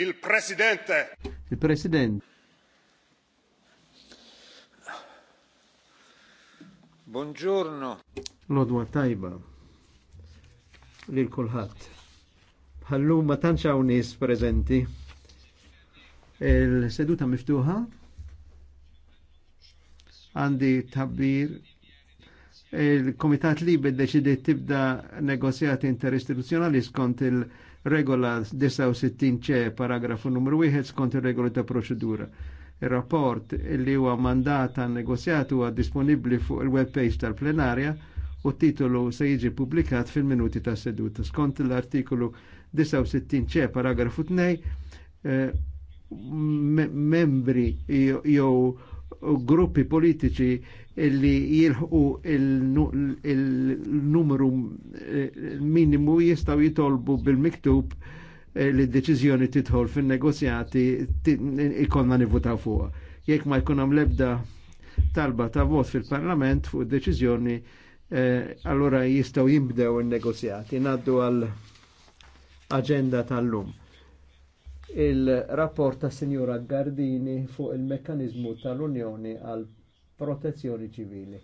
Il-Presidente. il presidente Buongiorno. Lodwa tajba. Lil kulħadd. Ħallum ma tantx hawn nies Il-seduta miftuħa. Għandi tabbir il-Komitat Libe deċidi tibda negozjati interistituzjonali skont il-regola 69 c paragrafu numru 1 skont il-regola ta' proċedura. Il-rapport li huwa mandata negozjatu huwa disponibli fuq il-web page tal-plenarja u titolu se jiġi publikat fil-minuti ta' seduta. Skont l-artikolu 69 c paragrafu 2 eh, membri jew gruppi politiċi li jilħu il-numru eh, minimu jistaw jitolbu bil-miktub eh, li d-deċizjoni titħol fin-negozjati ikonna nivuta fuq. Jekk ma jkun hemm lebda talba ta' vot fil-Parlament fuq deċiżjoni eh, allora jistaw jimbdew in-negozjati. Naddu għal agenda tal-lum il-rapport ta' Sinjura Gardini fuq il-mekkanizmu tal-Unjoni għal protezzjoni ċivili.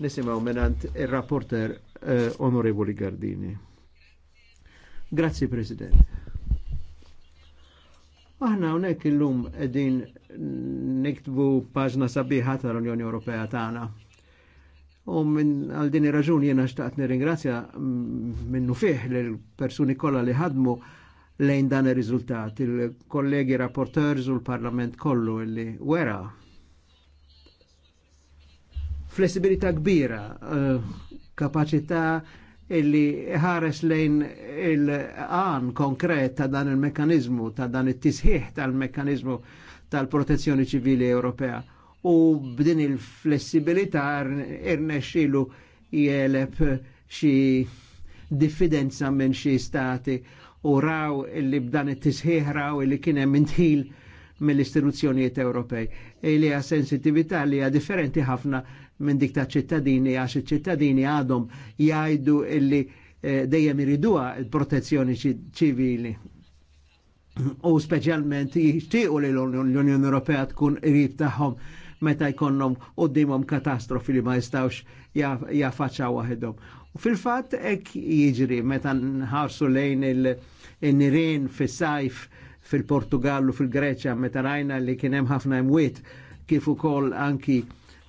Nisimaw menant il-rapporter eh, Onorevoli Gardini. Grazzi President. Aħna unek il-lum edin niktbu paġna sabiħa tal-Unjoni Ewropea tagħna. U minn għal din ir-raġuni jiena xtaqt nirringrazzja minnu fih lill persuni kollha li ħadmu lejn dan ir-riżultat. Il-kollegi rapporteurs u l-Parlament kollu illi wera flessibilità kbira, eh, kapaċità illi ħares lejn il-għan konkret ta' dan il-mekanizmu, ta' dan it-tisħiħ tal-mekanizmu tal-protezzjoni ċivili Ewropea. U b'din il-flessibilità irnexxilu jeleb xi diffidenza minn xi stati u raw illi b'dan it-tisħiħ raw illi kien hemm intħil mill-istituzzjonijiet Ewropej. Ili għas sensitivita li għad differenti ħafna minn dik ta' ċittadini għax ċittadini għadhom jgħidu illi eh, dejjem iriduha il-protezzjoni ċivili. U speċjalment jixtiequ li l-Unjoni Ewropea tkun irid taħħom meta jkollhom qudiemhom katastrofi li ma jistgħux jaffaċċaw waħedhom. U fil-fat ek jiġri meta nħarsu lejn il-nirin fil-sajf fil-Portugallu fil-Greċja meta rajna li kienem ħafna imwiet kif ukoll anki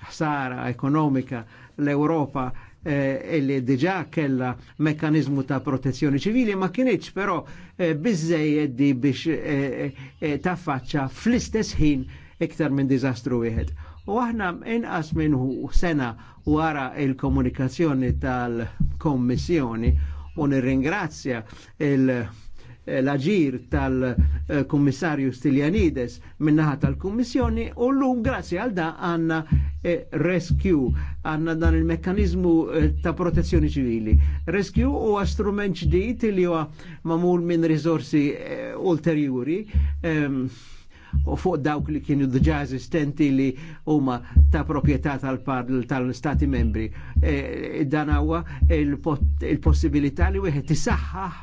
ħsara ekonomika l-Ewropa eh, illi diġa kella mekkanizmu ta' protezzjoni ċivili ma kienieċ però eh, bizzejed di biex eh, eh, eh, taffaċċa fl-istess ħin iktar minn dizastru wieħed. U aħna inqas minnu sena wara il-komunikazzjoni tal-Kommissjoni u nirringrazzja l-aġir tal-Kummissarju Stiljanides minnaħa tal-Kummissjoni u l-lum grazzi għal da għanna eh, rescue, għanna dan il-mekkanizmu eh, ta' protezzjoni ċivili. Rescue u strument ġdijt li huwa mamul minn risorsi eh, ulterjuri. Um, u fuq dawk li kienu dġa esistenti li huma ta' proprjetà tal-Stati membri. E, dan huwa il-possibilità li wieħed isaħħaħ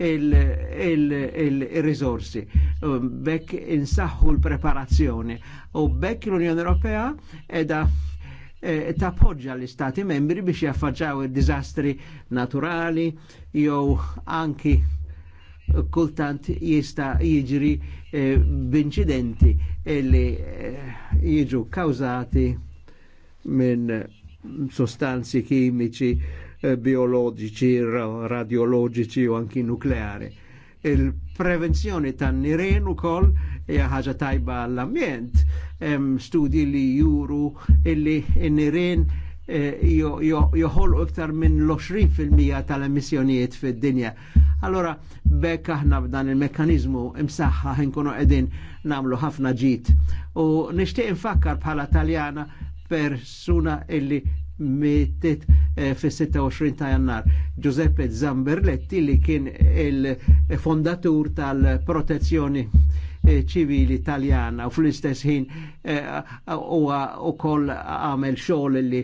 il-risorsi. Bekk insaħħu l-preparazzjoni u bekk l-Unjoni Ewropea edha e, tappoġġa l-Istati membri biex jaffaġġaw il-dizastri naturali jew anki kultant jista jiġri eh, b'inċidenti li eh, jiġu kawzati minn sostanzi kimiċi, eh, biologiċi, radiologiċi u anki nukleari. Il-prevenzjoni tan nirien ukoll hija ħaġa tajba l-ambjent. Studji li juru illi n-nirien eh, joħolqu iktar minn l-20% tal-emissjonijiet fid-dinja Allora, bekk aħna b'dan il-mekkanizmu imsaħħa ħinkunu qegħdin namlu ħafna ġit. U nixtieq infakkar bħala Taljana persuna illi mitet eh, fis-26 ta' jannar. Giuseppe Zamberletti li kien il-fondatur tal-protezzjoni E, ċivili italjana u fl-istess ħin e, u koll għamel xoll li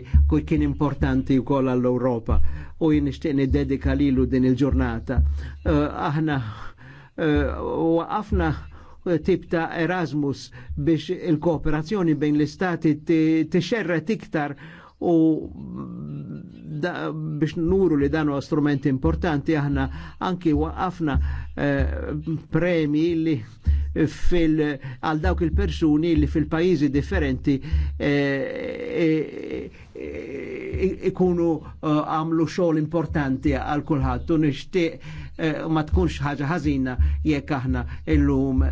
kien importanti u koll għall europa u jien nixtieq niddedika lilu din il-ġurnata. E, aħna u għafna tip ta' Erasmus biex il-kooperazzjoni bejn l-istati t tixerret iktar u biex nuru li danu strumenti importanti aħna anki waqafna eh, premi li fil għal dawk il-persuni li fil-pajjiżi differenti eh, eh, ikunu għamlu xogħol importanti għal kulħadd u nixtieq ma tkunx ħaġa ħażina jekk aħna illum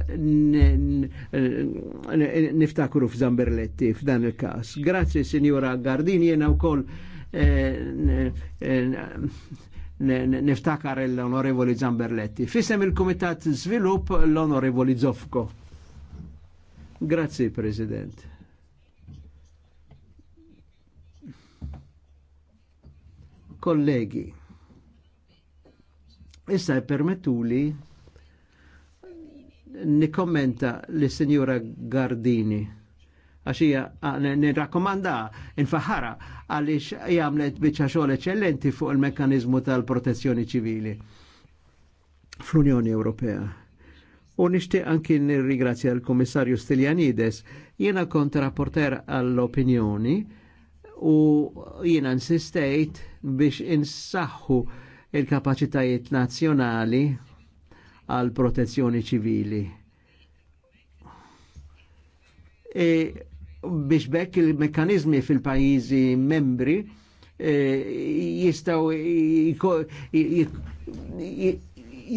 niftakru f'Zamberletti f'dan il-każ. Grazzi Signora Gardini jena wkoll Eh, niftakar l-onorevoli Zamberletti. Fisem il-Komitat Svilup l-onorevoli Zofko. Grazie, President. Kollegi, issa e permettuli nikommenta li Signora Gardini għaxija nirrakkomanda infaħara għaliex jagħmlet biċċa xogħol eċċellenti fuq il-mekkaniżmu tal-protezzjoni ċivili fl-Unjoni Ewropea. U nixtieq anki nirrigrazzja l-Kummissarju Stiljanides, jiena kont rapporter għall-opinjoni u jiena insistejt biex insaħħu il-kapacitajiet nazzjonali għal protezzjoni ċivili. E biex bekk il mekanizmi fil-pajizi membri eh, jistaw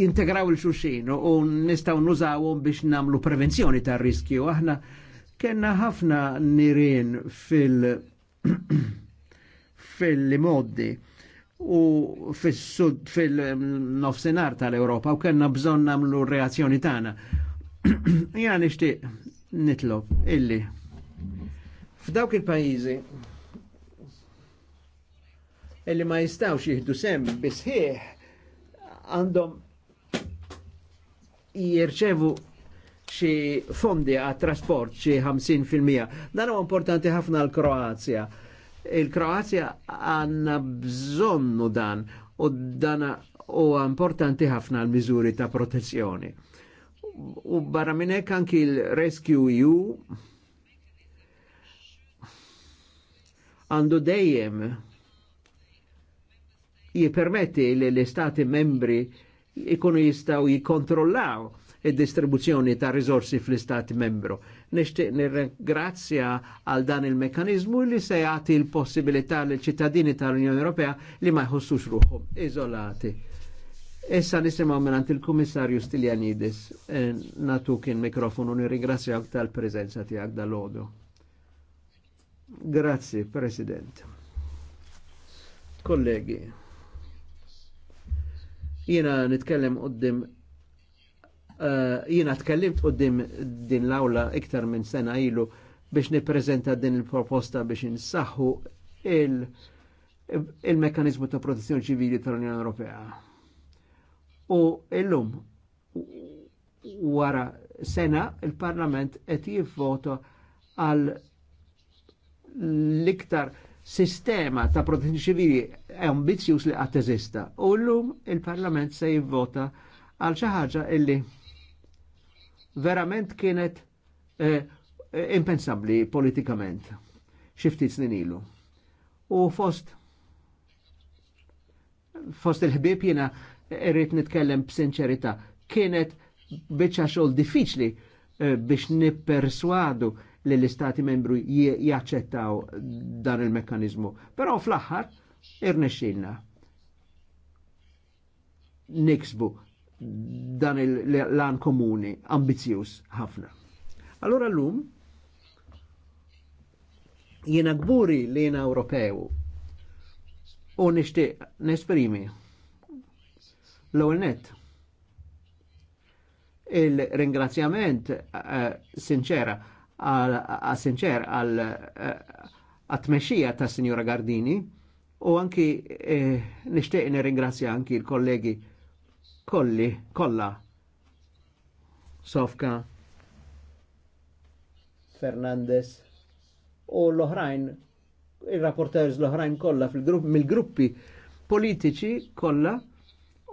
jintegraw il-xuxin u nistaw nużawhom biex namlu prevenzjoni ta' riskju. Aħna kena ħafna nirin fil- fil-modi u fil-sud fil-nofsenar tal-Europa u kena bżon namlu reazzjoni tana. Jena nixtieq nitlob illi F'dawk il pajizi illi ma jistawx jihdu sem bisħieħ għandhom jirċevu xi fondi għat trasport xi 50%. Dan huwa importanti ħafna l kroazja Il-Kroazja għanna bżonnu dan u dan huwa importanti ħafna l-miżuri ta' protezzjoni. U barra minn anki l-Rescue EU għandu dejjem jipermetti li l-istati membri ikunu jistaw jikontrollaw il distribuzzjoni ta' risorsi fl-istati membru. Nishtiq nir-grazzja għal dan il-mekanizmu li se jgħati l-possibilità l ċittadini tal-Unjoni Ewropea li ma jħossux ruħhom izolati. Issa nisimaw mingħand il komissarju Stiljanidis eh, natuk il-mikrofonu nir-grazzja nirringrazzjak tal prezenza tijak dal ħodu Grazzi, President. Kollegi, jina nitkellem qoddim uh, jina tkellimt qoddim din l-awla iktar minn sena ilu biex niprezenta din il-proposta biex insaħħu il- il-mekkanizmu ta' protezzjoni ċivili tal-Unjoni Ewropea. U illum wara sena il-Parlament qed jivvota għal l-iktar sistema ta' protezzjoni ċivili ambizjuż li għattezista. U U llum il-Parlament se jivvota għal xi ħaġa illi verament kienet eh, eh impensabbli politikament xi ftit snin ilu. U fost fost il ħbib jena irrit nitkellem b'sinċerità kienet biċċa xogħol diffiċli eh, biex nipperswadu li l-istati membru jaċċettaw dan il-mekkanizmu. Però fl-aħħar irnexxilna niksbu dan il-lan komuni ambizjuż ħafna. Allora llum jiena gburi li jiena Ewropew u nixtieq nesprimi l-ewwel net il-ringrazzjament uh, eh, sinċera għal-sinċer għal-tmexxija eh, ta' Signora Gardini u anki eh, nishtiq nirringrazzja anki l-kollegi kolli, kolla, Sofka, Fernandez u l-oħrajn, il-rapporters l-oħrajn kolla fil-grupp, mill-gruppi politiċi kolla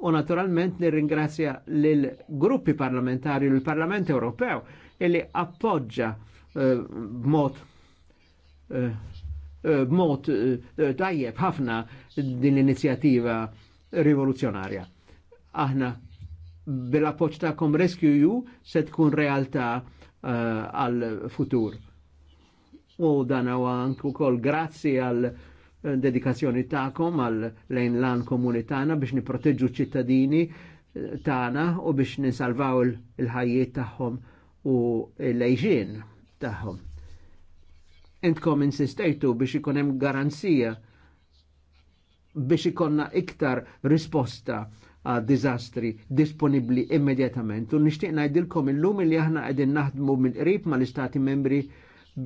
u naturalment nirringrazzja l-gruppi parlamentari l-Parlament Ewropew illi appoġġa Eh, b'mod eh, eh, b'mod tajjeb ħafna din l-inizjattiva rivoluzzjonarja. Aħna bil-appoċ ta'kom Rescue You se tkun realtà għal-futur. U dan huwa anku wkoll grazzi għal dedikazzjoni ta'kom għal lejn lan komunitana biex niproteġġu ċittadini tana u biex nisalvaw il ħajiet tagħhom u l ejġin tagħhom. Intkom insistejtu biex ikun hemm garanzija biex ikonna iktar risposta għad dizastri disponibli immedjatament. U nishtiq najdilkom illum li aħna għedin naħdmu minn qrib mal-istati membri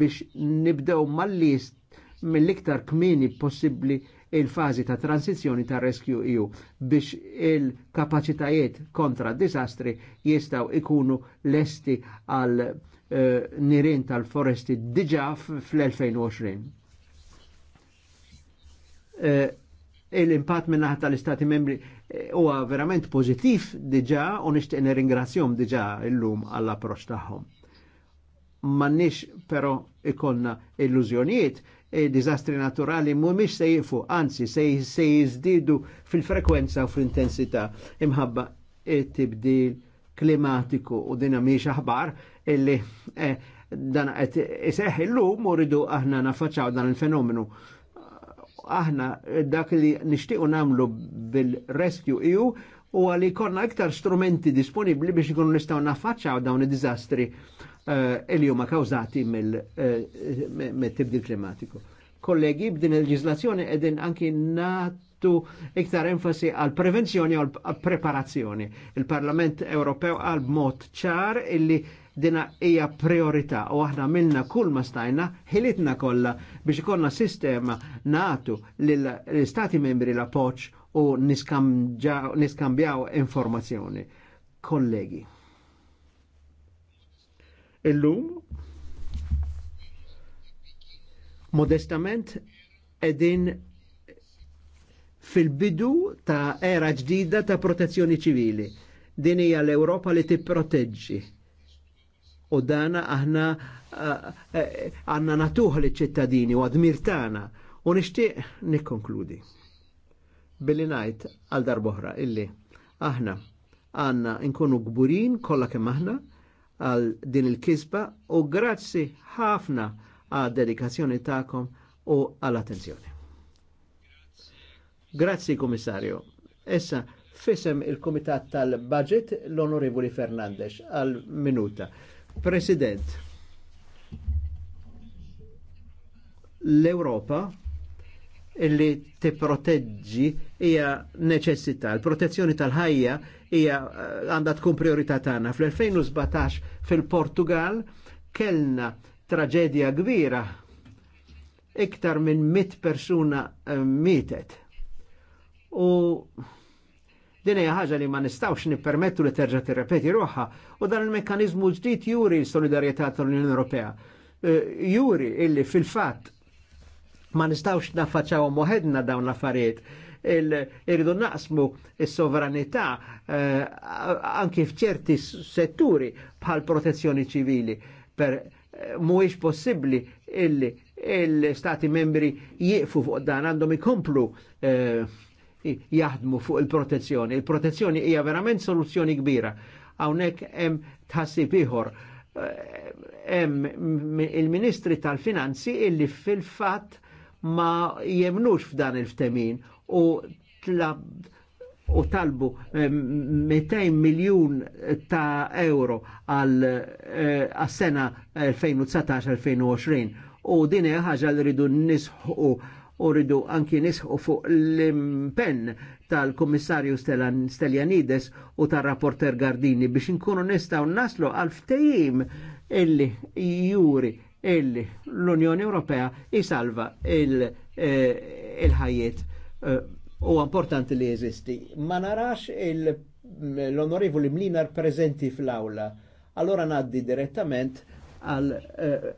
biex nibdew mal-list mill-iktar kmini possibli il-fazi ta' transizjoni ta' Rescue EU biex il-kapacitajiet kontra disastri jistaw ikunu lesti għal Eh, nirin tal-foresti diġa fl-2020. Eh, Il-impat minna tal-Istati membri eh, huwa verament pozitif diġa u nixtieq nirringrazzjom diġa illum għall-approċċ tagħhom. Mannix però ikonna illużjonijiet E dizastri naturali mhumiex se jifu, anzi se, se jizdidu fil-frekwenza u fl-intensità imħabba it-tibdil klimatiku u dina miex aħbar illi eh, dan qed iseħħ illum u rridu aħna nafaċċaw dan il-fenomenu. Aħna dak li nixtiequ nagħmlu bil-rescue EU u għalli konna iktar strumenti disponibli biex ikunu nistgħu naffaċċaw dawn id-dizastri eh, li huma kawżati eh, mill-tibdil klimatiku. Kollegi, b'din il-leġislazzjoni edin anki nat natu iktar enfasi għal prevenzjoni u għal preparazzjoni. Il-Parlament Ewropew għal mod ċar illi dina hija priorità u aħna minna kull ma stajna ħilitna kollha biex ikollna sistema natu l-istati membri la poċ u niskambjaw informazzjoni. Kollegi. Illum modestament edin fil-bidu ta' era ġdida ta' protezzjoni ċivili. Din hija l-Ewropa li tipproteġġi. U dana aħna għanna natuħ li ċittadini u għadmirtana. U nishtiq nikkonkludi. Billi najt għal darboħra illi aħna għanna nkunu gburin kollha kemm aħna għal din il-kisba u grazzi ħafna għad dedikazzjoni ta'kom u għal attenzjoni. Grazzi Komissarju. Essa fisem il-Komitat tal-Budget l-Onorevoli Fernandez għal minuta. President, l-Europa illi tipproteġġi hija neċessità. L-protezzjoni tal-ħajja hija eh, għandha tkun priorità tagħna. Fl-2017 fil-Portugal kellna traġedja kbira iktar minn mit persuna eh, mietet U din hija ħaġa li ma nistgħux nippermettu li terġa' tirrepeti ruħha u dan il-mekkaniżmu ġdid juri l-solidarjetà tal-Unjoni Ewropea. E, juri illi fil-fatt ma nistgħux naffaċċaw moħedna dawn l-affarijiet irridu naqsmu s-sovranità e, anki f'ċerti setturi bħal protezzjoni ċivili per e, mhuwiex possibbli illi l-stati membri jieqfu fuq dan għandhom ikomplu jaħdmu fuq il-protezzjoni. Il-protezzjoni hija verament soluzzjoni kbira. Hawnhekk hemm tħassib ieħor eh, hemm il-Ministri tal-Finanzi illi fil-fatt ma jemnux f'dan il-ftemin u u talbu 200 eh, miljun ta' euro għal eh, sena 2019-2020 u din ħaġa li rridu nisħu u rridu anki nisħu fuq l-impenn tal-Komissarju Steljanidis u tal-Rapporter Gardini biex nkunu nistaw naslu għal ftejim illi juri illi l-Unjoni Ewropea jisalva eh, il-ħajiet eh, u importanti li jeżisti. Ma narax l-onorevoli Mlinar prezenti fl-awla. Allora naddi direttament għal eh,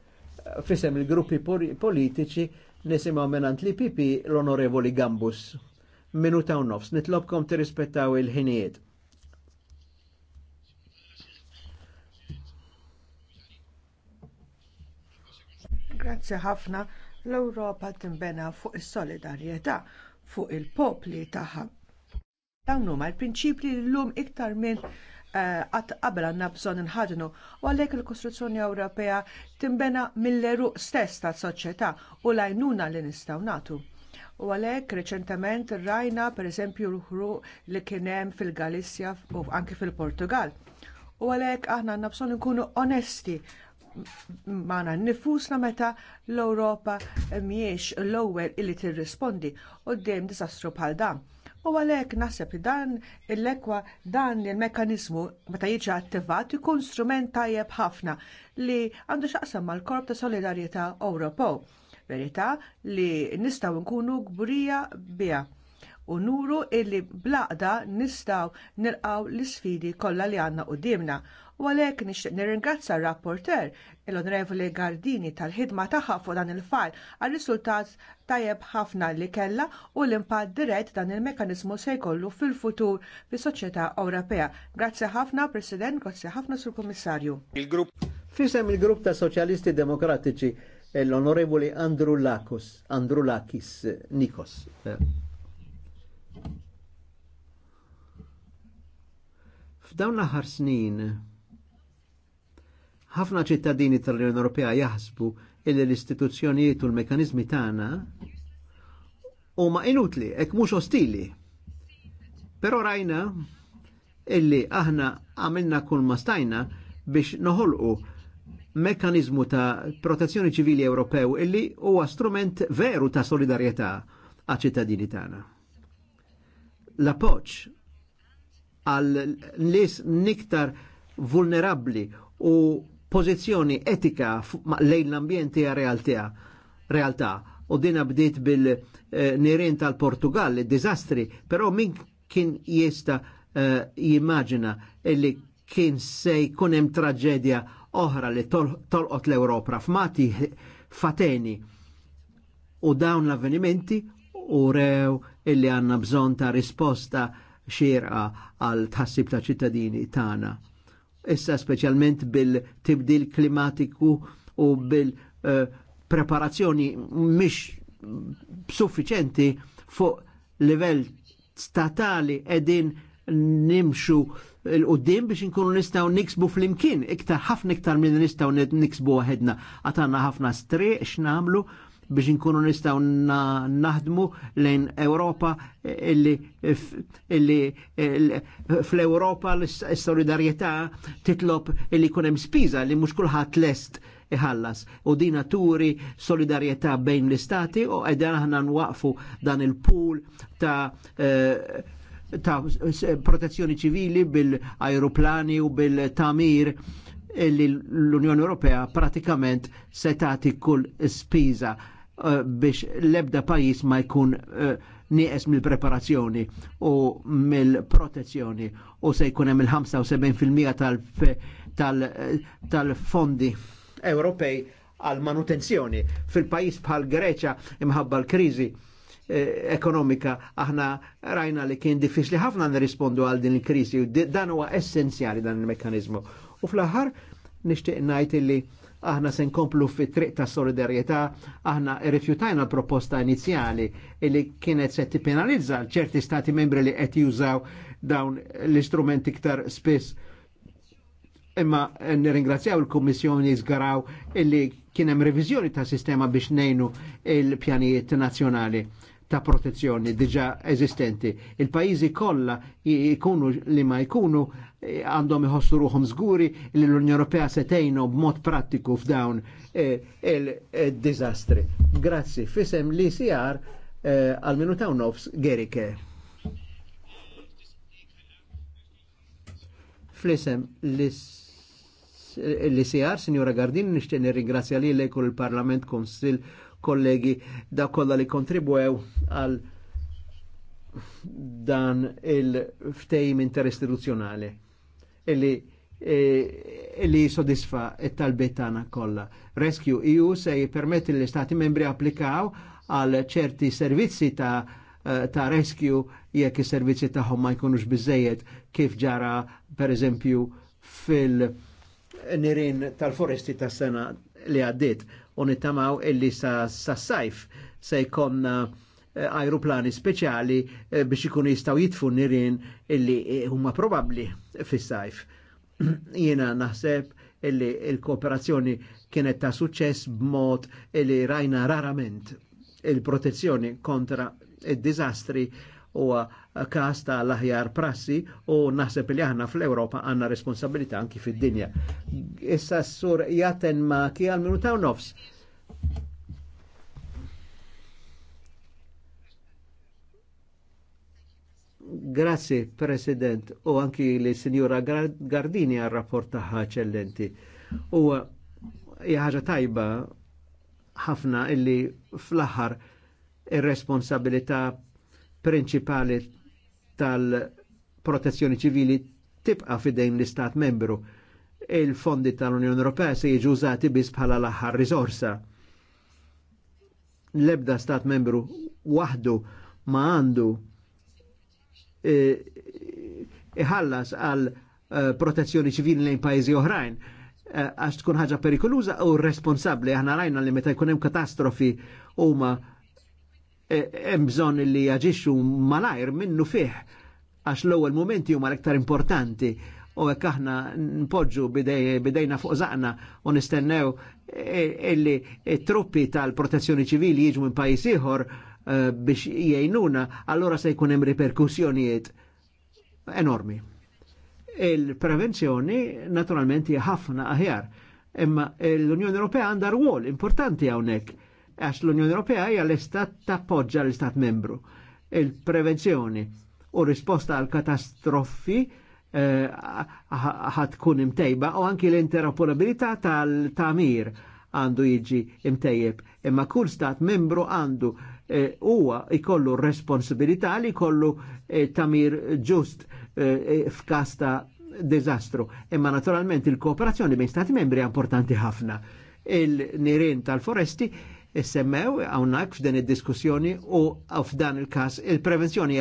fissem il-gruppi politiċi nisimaw menant li pipi l-onorevoli Gambus. Minuta u nofs, nitlobkom tirrispettaw il-ħinijiet. Grazzi ħafna l-Ewropa timbena fuq is-solidarjetà fuq il-popli tagħha. Dawn huma l-prinċipli l llum iktar minn għat eh, qabel għandna bżonn inħadnu u għalhekk il-Kostruzzjoni Ewropea timbena mill-eruq stess tas-soċjetà u l-għajnuna li nistgħu nagħtu. U għalhekk reċentament rajna pereżempju l-ħru li kien hemm fil-Galissja u anke fil-Portugal. U għalhekk aħna għandna bżonn inkunu onesti maħna nifusna meta l ewropa mhijiex l ewwel illi tirrispondi quddiem diżastru bħal dan U għalhekk naħseb li dan il-lekwa dan il-mekanizmu meta jiġi attivat ikun strument tajjeb ħafna li għandu x'aqsam mal-Korp ta' Solidarjetà Ewropew. Verità li nistgħu nkunu gburija biha u nuru illi blaqda nistgħu nilqgħu l isfidi kollha li għandna qudiemna u għalhekk nixtieq nirringrazzja r-rapporter l-Onorevoli Gardini tal-ħidma tagħha fuq dan il fall għal riżultat tajjeb ħafna li kellha u l-impatt dirett dan il-mekkaniżmu se jkollu fil-futur fis-soċjetà Ewropea. Grazzi ħafna President, grazzi ħafna Sur Kummissarju. Il-grupp Fisem il-grupp ta' Soċjalisti Demokratiċi l-Onorevoli Andru Lakos, Andru Lakis Nikos. F'dawn l-aħħar snin ħafna ċittadini tal-Unjoni Ewropea jaħsbu illi l-istituzzjonijiet u l-mekanizmi tagħna huma inutli, hekk mhux ostili. Però rajna illi aħna għamilna kull ma stajna biex noħolqu mekanizmu ta' protezzjoni ċivili Ewropew illi huwa strument veru ta' solidarjetà għal ċittadini tagħna. L-appoġġ għal nies niktar vulnerabbli u pożizzjoni etika lejn l ambjenti hija realtà. Realtà. U dina bdiet bil eh, nirin tal-Portugal, il-dizastri, però min kien jista uh, jimmaġina illi kien se jkun hemm traġedja oħra li tolqot l-Ewropa f'mati fateni u dawn l-avvenimenti u rew illi għanna bżon ta' risposta xirqa għal tħassib ta' ċittadini tagħna issa specialment bil-tibdil klimatiku u bil-preparazzjoni mish suffiċenti fuq livell statali edin nimxu l-qoddim biex nkunu nistaw niksbu fl-imkien, iktar ħafna iktar minn nistaw niksbu għahedna. Għatanna ħafna striq x'namlu biex inkunu nistaw naħdmu lejn Europa illi fl-Europa l-solidarietà titlob illi kunem spiża li mhux kulħadd lest iħallas u dina turi solidarietà bejn l-istati u għedan aħna nwaqfu dan il-pool ta' eh, ta' protezzjoni ċivili bil-aeroplani u bil-tamir li l-Unjoni Ewropea pratikament setati kull spiża Eh, biex l-ebda pajis ma jkun eh, nieqes mill-preparazzjoni u mill-protezzjoni u se jkun hemm il-75% tal-fondi Ewropej għal manutenzjoni. Fil-pajis bħal Greċa imħabba l-kriżi eh, ekonomika aħna rajna li kien diffiċli ħafna nirrispondu għal din il-kriżi u dan huwa essenzjali dan il-mekkaniżmu. U fl-aħħar nixtieq ngħid li aħna se nkomplu fit triq ta' solidarjetà, aħna rifjutajna l-proposta inizjali li kienet se tippenalizza ċerti stati membri li qed jużaw dawn l-istrumenti iktar spiss. Imma nirringrazzjaw il-Kummissjoni żgaraw illi kien hemm reviżjoni ta' sistema biex nejnu il-pjanijiet nazzjonali ta' protezzjoni diġa eżistenti. Il-pajizi kollha jikunu li ma jkunu e, għandhom iħossu ruħhom zguri, li l-Unjoni Ewropea se tgħinu b'mod prattiku f'dawn e, il-diżastri. E, Grazzi, fisem li sijar għal minuta u nofs Gerike. Flisem li sijar, Signora Gardin, nishtiq nirringrazzja li l-Parlament Konsil kollegi da kolla li kontribwew għal dan il-ftejm interistituzjonali illi eh, e li jisodisfa it talbetana kolla. Rescue EU se jipermetti l stati membri applikaw għal ċerti servizzi ta' eh, ta' rescue jekk is-servizzi tagħhom ma jkunux biżejjed kif ġara eżempju fil- nirin tal-foresti ta' sena li għaddit u nittamaw illi sa, sa sajf se jkonna eh, aeroplani speċjali eh, biex ikun jistaw jitfu nirin illi eh, huma probabli fis-sajf. Jiena naħseb illi il-kooperazzjoni kienet ta' suċċess b'mod illi rajna rarament il-protezzjoni kontra il-dizastri u kas ta' l-aħjar prassi u naħseb li aħna fl ewropa għanna responsabilità anki fid-dinja. Issa s-sur jaten ma' ki għal minuta u nofs. Grazie, President, u anki li Signora Gardini għal rapport taħħa ċellenti. U ħaġa tajba ħafna illi fl-aħħar ir-responsabilità il prinċipali tal-protezzjoni ċivili tibqa' fidejn l-Istat membru. Il-fondi tal-Unjoni Ewropea se jiġu użati biss bħala l-aħħar risorsa. L-ebda Stat membru waħdu ma għandu e, iħallas għal e, protezzjoni ċivili lejn pajjiżi oħrajn e, għax tkun ħaġa perikoluża u responsabli aħna rajna li meta jkun hemm katastrofi huma Eh, hemm bżonn li jaġixxu malajr minnu fih għax l-ewwel momenti huma l-iktar importanti u hekk aħna npoġġu bidejna fuq zaqna u nistennew eh, illi truppi tal-protezzjoni ċivili jiġu minn pajjiż ieħor eh, biex jgħinuna, allora se jkun hemm riperkussjonijiet enormi. Il-prevenzjoni naturalment hija ħafna aħjar, imma l-Unjoni Ewropea għandha rwol importanti hawnhekk għax l-Unjoni Ewropea hija l-istat tappoġġa l-istat membru. Il-prevenzjoni u risposta għal katastrofi eh, ħad tkun imtejba u anki l-interoperabilità tal-tamir għandu jiġi imtejjeb. Imma kull stat membru għandu eh, huwa jkollu ikollu responsabilità li kollu eh, tamir ġust f'kasta dizastru. Imma naturalment il-kooperazzjoni bejn stati membri importanti ħafna. Il-nirin tal-foresti semmew hawnhekk f'dan id-diskussjoni u f'dan il-każ il-prevenzjoni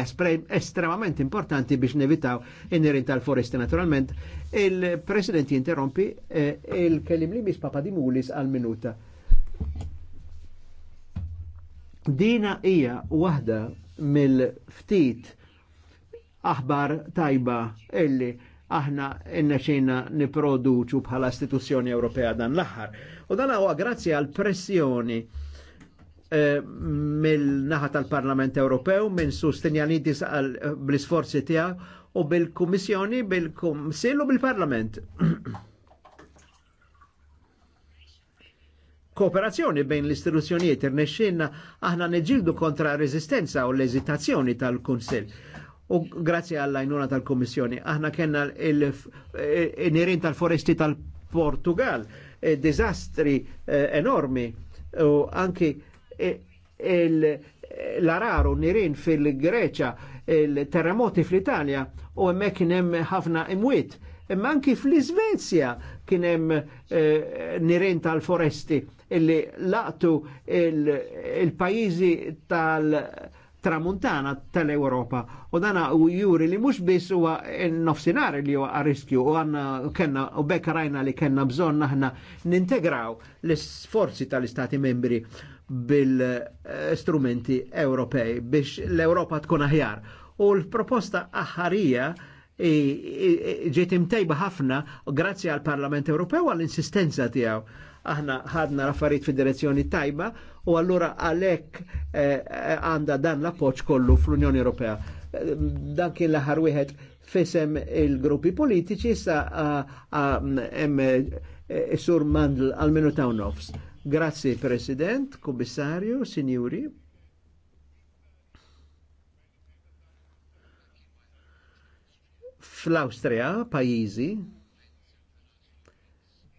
estremament importanti biex nevitaw in-nirin tal-foresti naturalment. Il-President jinterrompi eh, il-kelim li bis Papadimulis għal-minuta. Dina hija waħda mill-ftit aħbar tajba illi aħna inna niproduċu bħala istituzzjoni Ewropea dan l-aħħar. U dan huwa grazzi għal pressjoni Eh, mill-naħa tal-Parlament Ewropew minn sustenjanitis eh, bl-isforzi tiegħu u bil-Kummissjoni, bil-Kumsill u bil-Parlament. Kooperazzjoni bejn l-istituzzjonijiet irnexxinna aħna neġildu kontra r rezistenza u l-eżitazzjoni tal-Kunsill. U grazzi għall-għajnuna tal kummissjoni aħna kena l eh, nirin tal-foresti tal-Portugal, dizastri enormi u anki l-araru nirin fil-Greċa, il-terremoti fl-Italja u hemmhekk kien hemm ħafna imwiet. Imma anki fl-Iżvezja kien hemm eh, nirin tal-foresti illi laqtu il-pajjiżi il pajjiżi tal tramuntana tal europa U dana u juri li mux bis u nofsinar li huwa riskju u għandna kellna u bekarajna li kellna bżonn aħna nintegraw l-sforzi tal-Istati membri bil-strumenti Ewropej biex l-Ewropa tkun aħjar. U l-proposta aħħarija ġiet imtejba ħafna grazzi għal Parlament Ewropew għall-insistenza tiegħu. Aħna ħadna l-affarijiet fid-direzzjoni tajba u allura għalhekk eh, eh, għandha dan l-appoġġ kollu fl-Unjoni Ewropea. Dan kien l-aħħar wieħed fisem il-gruppi politiċi sa hemm eh, sur mandl għal minuta u nofs. Grazie President, Commissario, Signori. Fl-Austria, pajizi,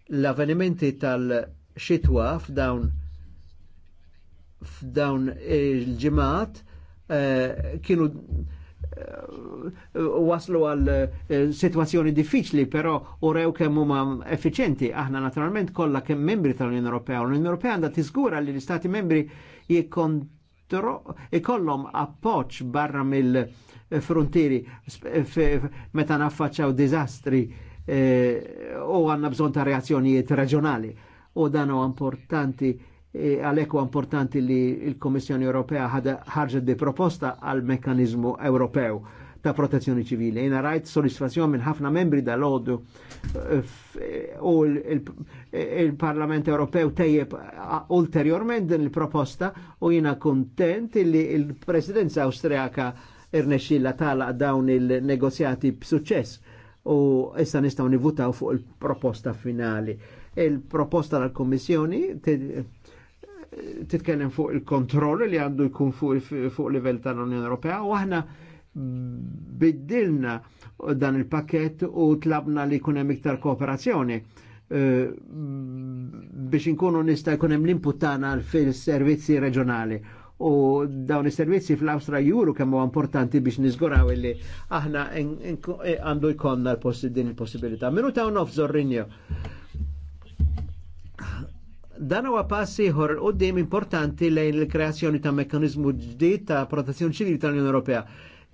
l-avvenimenti tal-xitwa f'dawn f'dawn il-ġimat eh, kienu waslu għal eh, situazzjoni diffiċli, però u rew kemm huma effiċenti. Aħna naturalment kollha kemm membri tal-Unjoni Ewropea. L-Unjoni Ewropea għandha tiżgura li l-Istati membri jikollhom appoġġ barra mill-frontieri meta naffaċċaw diżastri eh, u għandna bżonn ta' reazzjonijiet reġjonali. U dan huwa importanti għalek e, u importanti li il-Komissjoni Ewropea ħarġet di proposta għal mekanizmu Ewropew ta' protezzjoni ċivili. Jena rajt soddisfazzjon minn ħafna membri dal-ħoddu e, e, u e, il-Parlament Ewropew tejjeb ulterjorment din il-proposta u jena kontent li il-Presidenza Austriaka irnexxilla tala dawn il-negozjati b'suċċess u issa nistgħu nivutaw fuq il-proposta finali. Il-proposta tal-Kommissjoni titkellem fuq il-kontroll li għandu jkun fuq livell tal-Unjoni Ewropea u aħna biddilna dan il-pakket u tlabna li jkun hemm iktar kooperazzjoni eh, biex inkunu nista' jkun hemm l-input tagħna fil-servizzi reġjonali u dawn is-servizzi fl-Awstra juru kemm huwa importanti biex niżguraw illi aħna għandu jkollna l possibilità Minuta u nofżor Dan huwa passi ieħor qudiem importanti lejn il-kreazzjoni ta' mekkaniżmu ġdid ta' protezzjoni ċivili tal-Unjoni Ewropea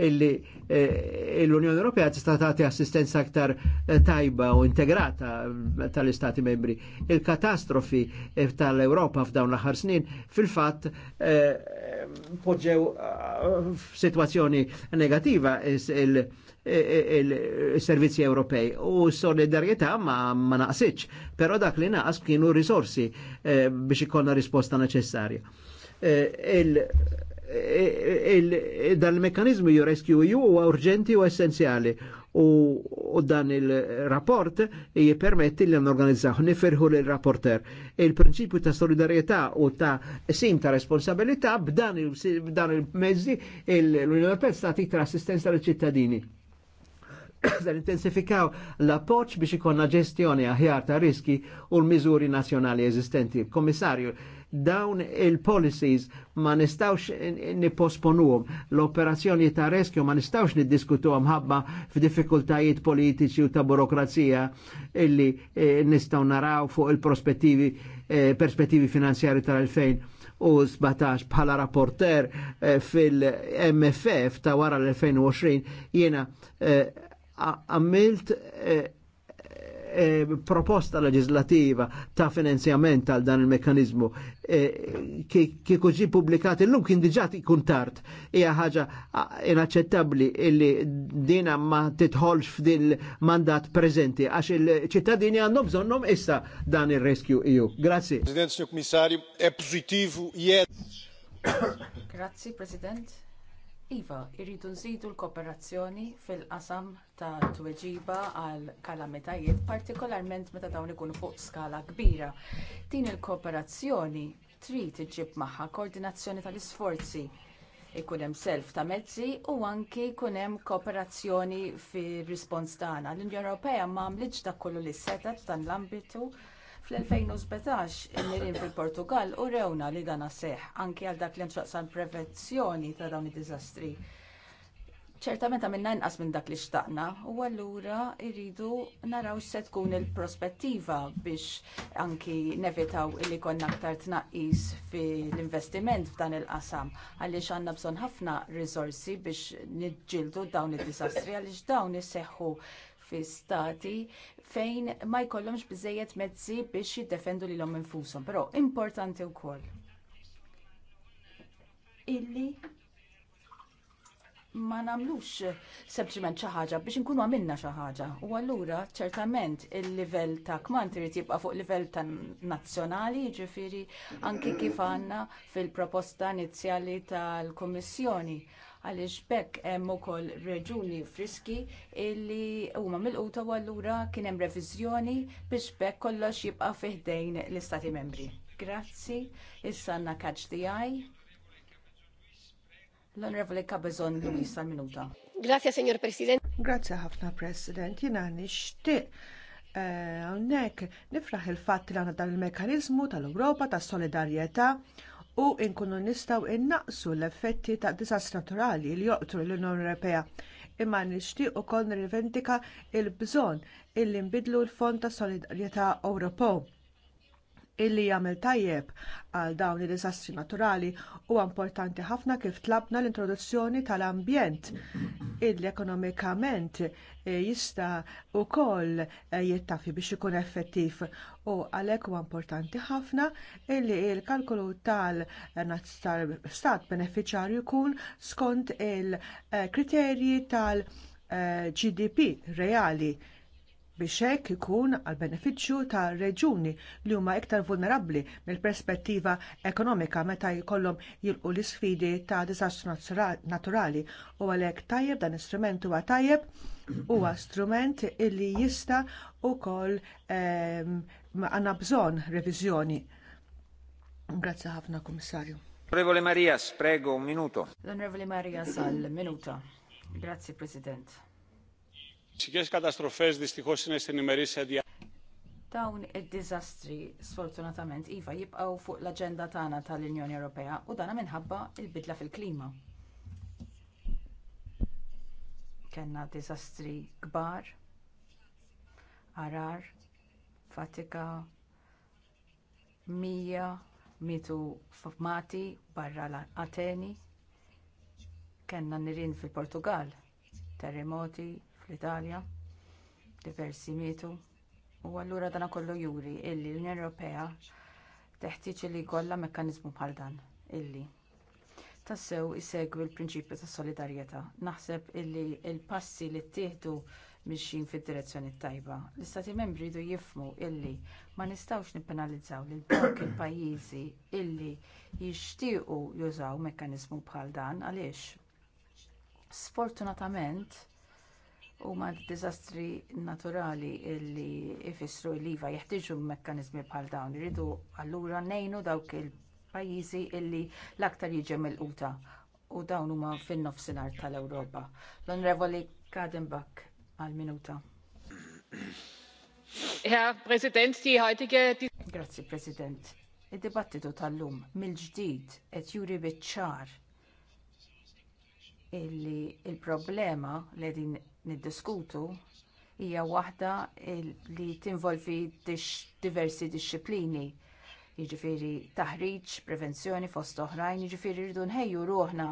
illi eh, l-Unjoni Ewropea tista' tagħti assistenza aktar eh, tajba u integrata eh, tal-Istati membri. Il-katastrofi eh, tal-Ewropa f'dawn l-aħħar snin fil-fatt eh, poġġew eh, situazzjoni negativa il-servizzi e, e, e, Ewropej u solidarjetà ma, ma naqsitx, però dak li naqas kienu risorsi eh, biex ikollna risposta neċessarja. Eh, il, il, dal ju rescue ju huwa urġenti u essenzjali u, dan il-rapport jipermetti li n-organizzaħ nifirħu l-rapporter. Il-prinċipju ta' solidarietà u ta' sim ta' responsabilità b'dan il-mezzi l-Unjoni Europea sta' assistenza l-ċittadini ser intensifikaw l-appoċ biex ikonna ġestjoni aħjar ta' riski u l-miżuri nazjonali eżistenti. Komissarju, dawn il-policies ma nistawx niposponuhom l-operazzjoni ta' reskju ma nistawx niddiskutuhom ħabba f'diffikultajiet politiċi u ta' burokrazija illi eh, nistaw naraw fuq il-prospettivi eh, perspettivi finanzjari tal-2000 u 17 bħala rapporter eh, fil-MFF ta' wara l-2020 jiena eh, għamilt eh, eh, proposta leġislativa ta' finanzjament għal dan il-mekanizmu e, kieku ġi publikat il-lum kien diġa ikun tard hija ħaġa inaċċettabbli illi dina ma titħolx f'dil mandat preżenti għax il-ċittadini għandhom bżonnhom issa dan ir-rescue EU. Grazzi. Grazzi, President. Iva, irridu nżidu l-kooperazzjoni fil-qasam ta' tweġiba għal kalamitajiet, partikolarment meta dawn ikunu fuq skala kbira. Din il-kooperazzjoni trid iġib magħha koordinazzjoni tal-isforzi ikun hemm self ta' mezzi u anki jkun hemm kooperazzjoni fir-rispons tagħna. L-Unjoni Ewropea m'għamlitx dak kollu li setet dan l-ambitu Fl-2017 il-mirin fil-Portugal u rewna li dana seħ anki għal dak li mxaqsan prevenzjoni ta' dawn id-dizastri. ċertament għamilna inqas minn dak li xtaqna u allura irridu naraw x'se tkun il-prospettiva biex anki nevitaw illi konna aktar tnaqqis fil-investiment f'dan il-qasam għaliex għandna bżonn ħafna risorsi biex niġġieldu dawn id-disastri għaliex dawn iseħħu fi stati fejn ma jkollhomx biżżejjed mezzi biex jiddefendu lilhom infushom, però importanti wkoll illi ma nagħmlux sempliċement xi ħaġa biex inkunu għamilna xi ħaġa. U allura ċertament il-livell ta' kmant irid jibqa' fuq livell ta' nazzjonali, jiġifieri anke kif għandna fil-proposta inizjali tal-Kummissjoni għaliex bekk hemm ukoll reġuni friski illi huma mill-quta u allura kien hemm reviżjoni biex bekk kollox jibqa' fiħdejn l-Istati Membri. Grazzi, issa għandna kaġ tiegħi. l onorevole Cabezon Luis tal-minuta. Grazie, Signor President. Grazie ħafna, President. Jina nixtieq għonek eh, nifraħ il-fatt li għandna dan il mekkaniżmu tal-Ewropa tas-Solidarjetà u nkunu nistgħu innaqsu l-effetti ta' disast naturali li joqtru l-Unjoni Ewropea. Imma nixtieq ukoll nirrivendika l bżonn illi nbidlu l-Fond ta' Solidarjetà Ewropew illi jagħmel tajjeb għal dawn id-diżastri naturali huwa importanti ħafna kif tlabna l-introduzzjoni tal-ambjent illi ekonomikament eh, jista wkoll eh, jittafi biex ikun effettiv u għalhekk huwa importanti ħafna illi l il kalkulu tal-stat benefiċjarju jkun skont il-kriterji eh, tal-GDP reali biex hekk ikun għal benefiċċju ta' reġuni li huma iktar vulnerabbli mill-perspettiva ekonomika meta jkollhom jilqu l isfidi ta' diżastru naturali u għalhekk tajjeb dan istrument huwa tajjeb huwa strument illi jista' wkoll ehm, għandna bżonn reviżjoni. Grazzi ħafna, Kummissarju. Onorevole Marias, prego un minuto. L'onorevole Marias al minuta. Grazie President. Xikiex katastrofez distiħos sin imerisja di Dawn id-dizastri sfortunatament iva jibqgħu fuq l-aġenda tagħna tal-Unjoni Ewropea u dana minħabba l bidla fil-klima. Kenna diżastri kbar, arar, fatika, mija, mitu f'mati barra l-Ateni, kellna nirien fil-Portugal, terremoti, fl-Italja, diversi mietu. U allura dana kollu juri illi l-Unjoni Ewropea teħtieġ li jkollha mekkaniżmu bħal dan illi tassew isegwi l-prinċipju ta' solidarjetà. Naħseb illi il-passi li ttieħdu mixin fid-direzzjoni tajba. L-Istati membri jdu jifmu illi ma nistgħux nippenalizzaw lil dawk il-pajjiżi illi jixtiequ jużaw mekkaniżmu bħal dan għaliex. Sfortunatament, huma d-diżastri naturali li ifissru l-iva jeħtieġu mekkaniżmi bħal dawn. iridu allura nejnu dawk il-pajjiżi illi l-aktar jiġi mill u dawn huma fin-nofsinhar tal-Ewropa. l onrevoli Kadenbach għal-minuta. Herr Präsident, die heutige... Grazie, President. Id-dibattitu tal-lum mill-ġdid qed juri biċ-ċar illi il-problema li din niddiskutu hija waħda li tinvolvi diversi disċiplini. Jiġifieri taħriġ, prevenzjoni fost oħrajn, jiġifieri rridu nħejju ruħna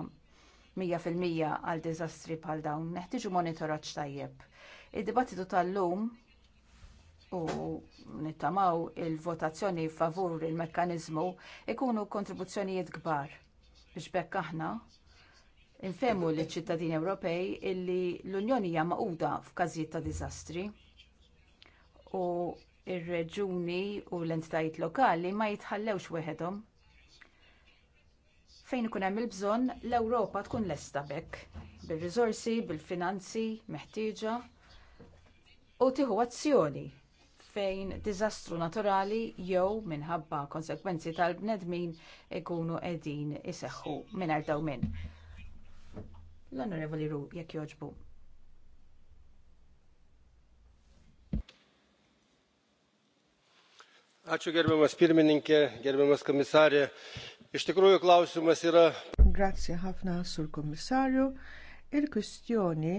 100% għal diżastri bħal dawn, neħtieġu monitoraġġ tajjeb. Id-dibattitu tal-lum u nittamaw il-votazzjoni favur il mekkaniżmu ikunu kontribuzzjonijiet kbar biex bekk aħna Infemmu li ċittadini Ewropej illi l-Unjoni hija maquda f'każijiet ta' diżastri u ir-reġuni u l-entitajiet lokali ma jitħallewx weħedhom. Fejn ikun hemm il-bżonn l-Ewropa tkun lesta bekk bir-riżorsi, bil-finanzi meħtieġa u tieħu azzjoni fejn diżastru naturali jew minħabba konsegwenzi tal-bnedmin ikunu qegħdin iseħħu mingħajr dawn minn. L-Onorevoli Ru, jekk joġbu. Ačiū gerbiamas pirmininkė, gerbiamas komisarė. Iš tikrųjų klausimas yra. Grazie ħafna sur komisariu. il kustioni,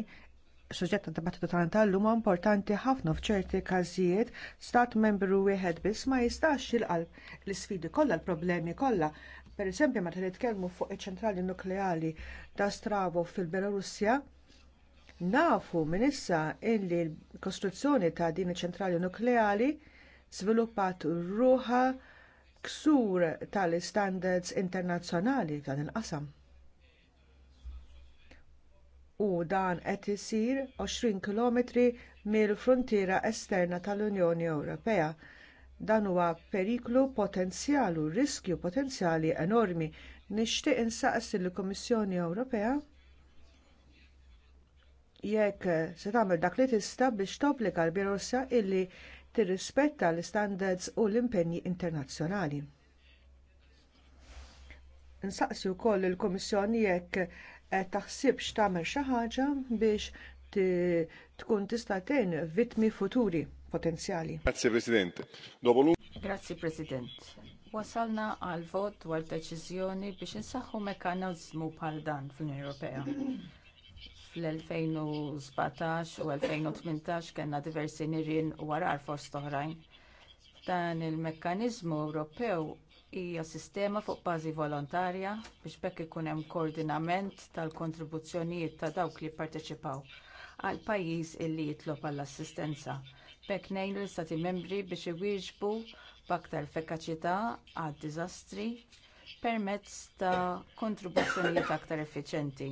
suġġett ta' dibattitu tagħna lum importanti ħafna f'ċerti każijiet stat membru wieħed biss ma jistax jilqal l-isfidi kollha l-problemi kollha Per eżempju, meta nitkellmu fuq iċ-ċentrali nukleali ta' Stravo fil-Belorussja, nafu minn issa illi l-kostruzzjoni ta' din iċ-ċentrali nukleali sviluppat ruħa ksur tal istandards internazzjonali f'dan il-qasam u dan qed isir 20 km mill-frontiera esterna tal-Unjoni Ewropea Dan huwa periklu potenzjalu, riskju potenzjali enormi. Nixtieq insaqsi lill-Kummissjoni Ewropea jekk se tagħmel dak li tista' biex tobbliga l-Bielorussja illi tirrispetta l istandards u l impenni internazzjonali. Insaqsi wkoll il-Kummissjoni jekk eh, taħsibx tagħmel xi ħaġa biex tkun tista' tgħin vittmi futuri potenziali. Grazie President. Dopo Grazie President. Wasalna għal vot dwar deċiżjoni biex insaħħu mekanizmu bħal dan fl-Unjoni Ewropea. Fl-2017 u 2018 kellna diversi nirien wara fost oħrajn. Dan il-mekkaniżmu Ewropew hija sistema fuq bażi volontarja biex bekk ikun hemm koordinament tal-kontribuzzjonijiet ta' dawk li jipparteċipaw għal pajjiż illi jitlob għall assistenza bekk ngħinu l-istati membri biex iwieġbu b'aktar fekaċità għad-diżastri permezz ta' kontribuzzjonijiet aktar effiċjenti.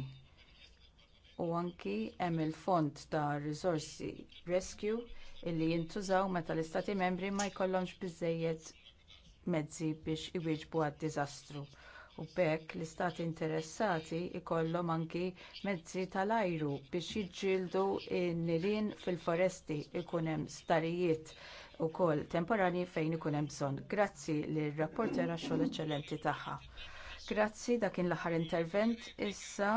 U anki hemm il-fond ta' risorsi rescue illi jintużaw meta l-istati membri ma jkollhomx biżżejjed mezzi biex iwieġbu għad-diżastru u b'hekk l-istati interessati jkollhom anki mezzi tal-ajru biex jiġġieldu n-nirien fil-foresti ikun hemm starijiet ukoll temporani fejn ikun hemm bżonn. Grazzi lir rapportera għax-xogħol eċċellenti tagħha. Grazzi dakin kien l-aħħar intervent. Issa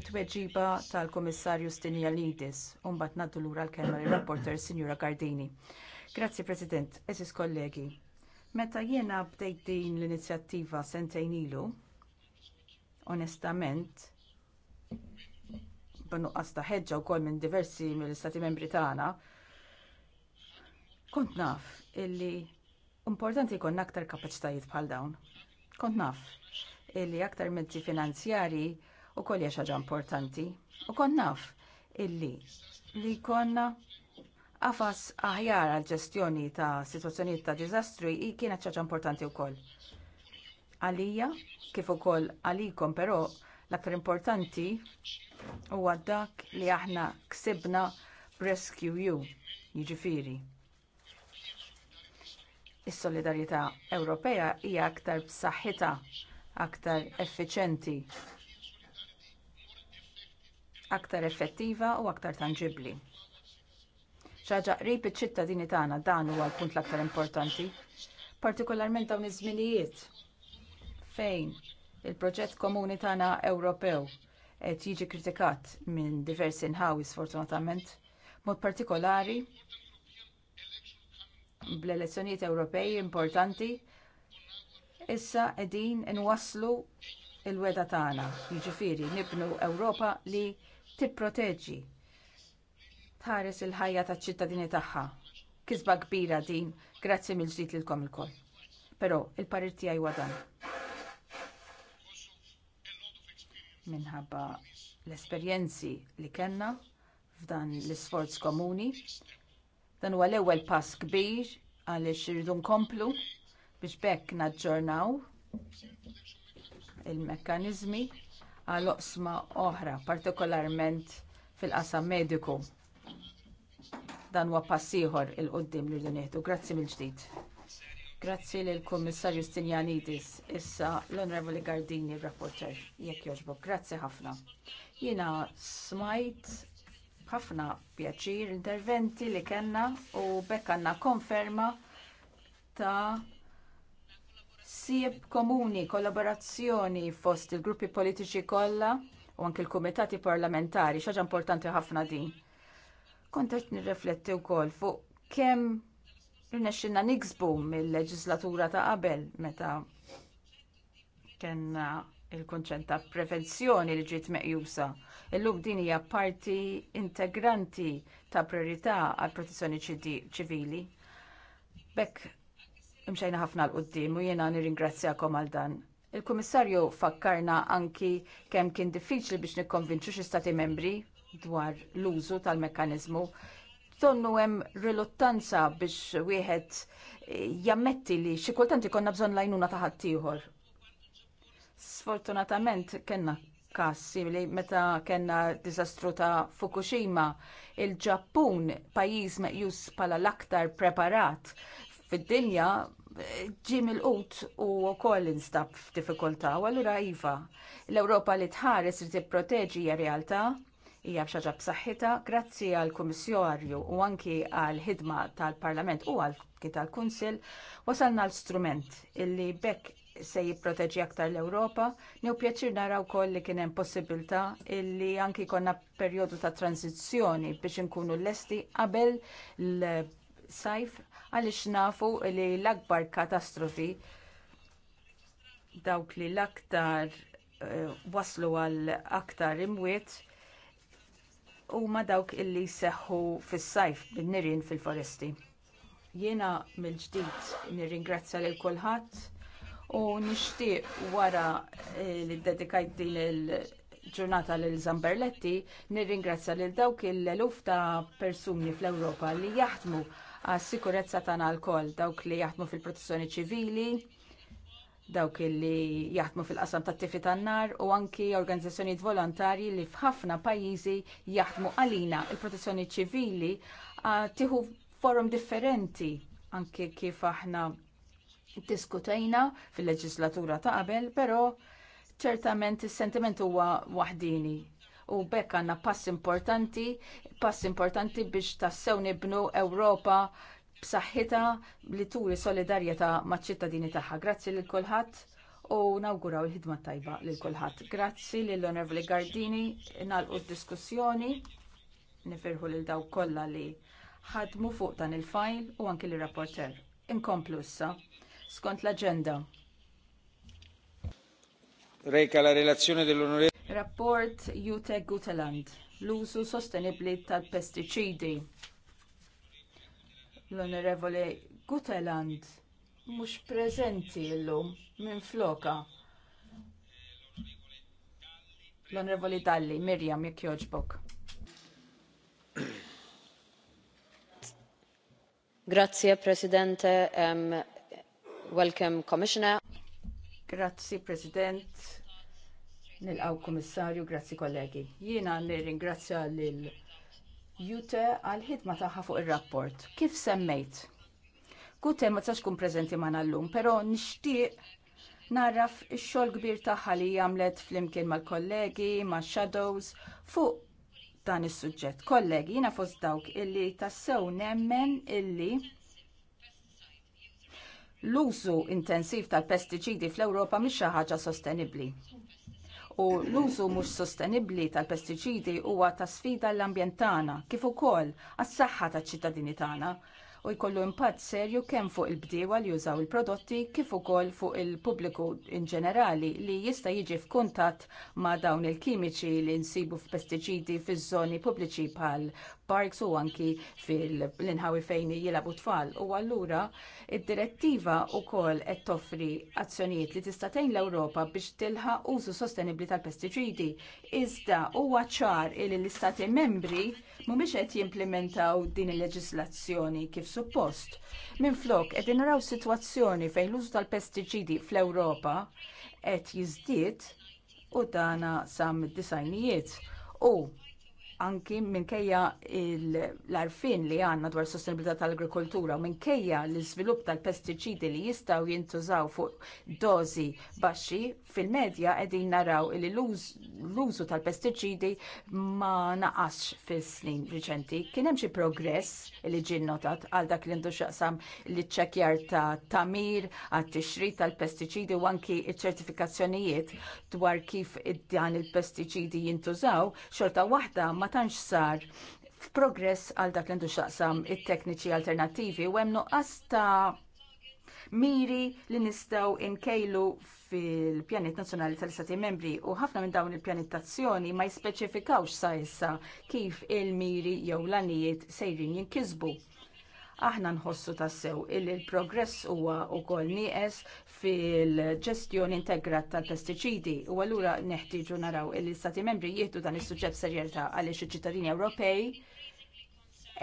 it-tweġiba tal-Komissarju U mbagħad ngħaddu lura l-kelma lir rapporter Sinjura Gardini. Grazzi President, eżis kollegi. Meta jiena bdejt din l-inizjattiva sentejn ilu, onestament, b'nuqqas ta' ħeġġa wkoll minn diversi mill-Istati Membri tagħna, kont naf illi importanti jkollna aktar kapaċitajiet bħal dawn. Kont naf illi aktar mezzi finanzjarji u xi ħaġa importanti. U kont naf illi li jkollna għafas aħjar għal ġestjoni ta' sitwazzjonijiet ta' diżastri kienet ċaċa importanti wkoll. Għalija, kif ukoll għalikom però l-aktar importanti huwa dak li aħna ksibna Rescue You, jiġifieri. Is-solidarjetà Ewropea hija aktar b'saħħitha, aktar effiċenti, aktar effettiva u aktar tangibbli ċaġa qrib iċ-ċittadini tagħna dan huwa l-punt l-aktar importanti. Partikolarment dawn iż-żminijiet fejn il-proġett komuni tagħna Ewropew qed jiġi kritikat minn diversi nħawi sfortunatament, mod partikolari bl-elezzjonijiet Ewropej importanti issa qegħdin inwasslu l weda tagħna, jiġifieri nibnu Ewropa li tipproteġġi tħares il-ħajja taċ ċittadini tagħha. Kisba kbira din, grazzi mill-ġdid lilkom ilkoll. Però il-parir tiegħi huwa dan. Minħabba l-esperjenzi li kellna f'dan l-isforz komuni, dan huwa l-ewwel pass kbir għaliex irridu nkomplu biex bekk naġġornaw il-mekkaniżmi għal oqsma oħra, partikolarment fil-qasam mediku dan huwa pass ieħor il quddiem li rridu nieħdu. Grazzi mill-ġdid. Grazzi lill kummissarju Stinjanidis, issa l-Onorevoli Gardini, rapporter, jekk jogħġbok. Grazzi ħafna. Jiena smajt ħafna pjaċir interventi li kellna u bekk għandna konferma ta' sieb komuni, kollaborazzjoni fost il-gruppi politiċi kollha u anke l-kumitati parlamentari, xaġa importanti ħafna din. Kontet nirrifletti wkoll fuq kemm rnexxinna niksbu mill-leġislatura ta' qabel meta kena il-konċent ta' prevenzjoni li ġiet meqjusa. Illum din hija parti integranti ta' priorità għall protezzjoni ċivili. Bekk imxejna ħafna l-qoddim u jiena nirringrazzjakom għal dan. Il-Kummissarju fakkarna anki kemm kien diffiċli biex nikkonvinċu xi stati membri dwar l-użu tal mekkaniżmu Tonnu hemm riluttanza biex wieħed jammetti li xi kultant ikonna bżonn lajnuna ta' ħaddieħor. Sfortunatament kellna kassi li meta kellna diżastru ta' Fukushima, il-Ġappun pajjiż meqjus bħala l-aktar preparat fid-dinja ġim il-qut u wkoll instab f'diffikultà u allura iva. L-Ewropa li tħares li tipproteġi hija realtà hija b'xaġa b'saħħitha grazzi għall kummissarju u anki għall ħidma tal-Parlament u għal tal-Kunsill wasalna l-strument illi bekk se jipproteġi aktar l-Ewropa, new pjaċir naraw koll li kien hemm possibilità illi anki konna perjodu ta' tranzizzjoni biex inkunu lesti qabel l-sajf għaliex nafu li l-akbar katastrofi dawk li l-aktar eh, waslu għal aktar imwiet huma dawk illi jseħħu fis-sajf bin-nirien fil-foresti. Jiena mill-ġdid nirringrazzja lil kulħadd u nixtieq wara eh, li ddedikajt din il-ġurnata lil Zamberletti nirringrazzja lil dawk il-eluf ta' persuni fl-Ewropa li jaħdmu għas sikurezza tagħna l dawk li jaħdmu fil-protezzjoni ċivili, dawk li jaħdmu fil-qasam tat tifi tan-nar u anki organizzazzjonijiet volontarji li f'ħafna pajjiżi jaħdmu għalina il-protezzjoni ċivili tieħu forum differenti anke kif aħna diskutejna fil-leġislatura ta' qabel, però ċertament is-sentiment huwa waħdini u bekk għandna pass importanti, pass importanti biex tassew nibnu Ewropa b'saħħitha li turi solidarjetà maċ-ċittadini tagħha. Grazzi lil kulħadd u nawguraw il-ħidma tajba lil kulħadd. Grazzi lill onorevoli Gardini nagħlqu d-diskussjoni nifirħu lil dawk kollha li ħadmu fuq dan il-fajl u anki l-rapporter. Inkomplu issa skont l-aġenda. Reka la relazzjoni dell'onorevole. Rapport Jute Guteland, l użu sostenibli tal-pestiċidi l-Onorevoli Guteland mhux preżenti llum minn floka. L-Onorevoli Dalli, Mirjam, jekk jogħġbok. Grazie Presidente, um, welcome Commissioner. Grazzi President, nilqaw Kummissarju, grazzi kollegi. Jiena nirringrazzja lil Jute għal ħidma tagħha fuq ir-rapport. Kif semmejt? Kute ma tistax tkun preżenti ma llum, però nixtieq narraf ix-xogħol kbir tagħha li jamlet flimkien mal-kollegi, ma' shadows fuq dan is-suġġett. Kollegi, jiena fost dawk illi tassew nemmen illi l-użu intensiv tal-pestiċidi fl-Ewropa mish ħaġa sostenibbli u l-użu mhux sostenibbli tal-pestiċidi huwa ta' sfida l-ambjent tagħna kif ukoll għas-saħħa taċ-ċittadini tagħna u jkollu impatt serju kemm fuq il-bdiewa li jużaw il-prodotti kif ukoll fuq il-pubbliku in ġenerali li jista' jiġi f'kuntatt ma' dawn il-kimiċi li nsibu f'pestiċidi fiż-żoni pubbliċi bħal parks u anki fil-inħawi fejn jilabu tfal. U allura id-direttiva wkoll qed toffri azzjonijiet li tista' tgħin l-Ewropa biex tilħaq użu sostenibbli tal-pestiċidi. Iżda huwa ċar li l-istati membri mhumiex qed jimplementaw din il-leġislazzjoni kif suppost. Minflok qegħdin naraw sitwazzjoni fejn l-użu tal-pestiċidi fl-Ewropa qed jiżdied u dana sam disajnijiet. U anki minkejja l-arfin li għandna dwar sostenibilità tal-agrikoltura u minkejja l-iżvilupp tal-pestiċidi li jistgħu jintużaw fuq dożi baxxi, fil-medja qegħdin naraw li l-użu tal-pestiċidi ma naqasx fis-snin riċenti. Kien hemm xi progress li ġie notat għal dak li ndu li ċekjar ta' tamir għat-tixrid tal-pestiċidi u anki ċ-ċertifikazzjonijiet dwar kif dan il-pestiċidi jintużaw, xorta waħda ma tantx sar f'progress għal dak li indu xaqsam it-tekniċi alternattivi u hemm nuqqas ta' miri li nistgħu nkejlu fil-pjanit nazzjonali tal-istati membri u ħafna minn dawn il-pjanitazzjoni ma jispeċifikawx sa issa kif il-miri jew l-anijiet sejrin jinkisbu. Aħna nħossu tassew illi l-progress huwa wkoll nieqes fil-ġestjoni integrat tal-pestiċidi u allura neħtieġu naraw illi istati membri jieħdu dan is-suġġett serjetà għaliex iċ-ċittadini Ewropej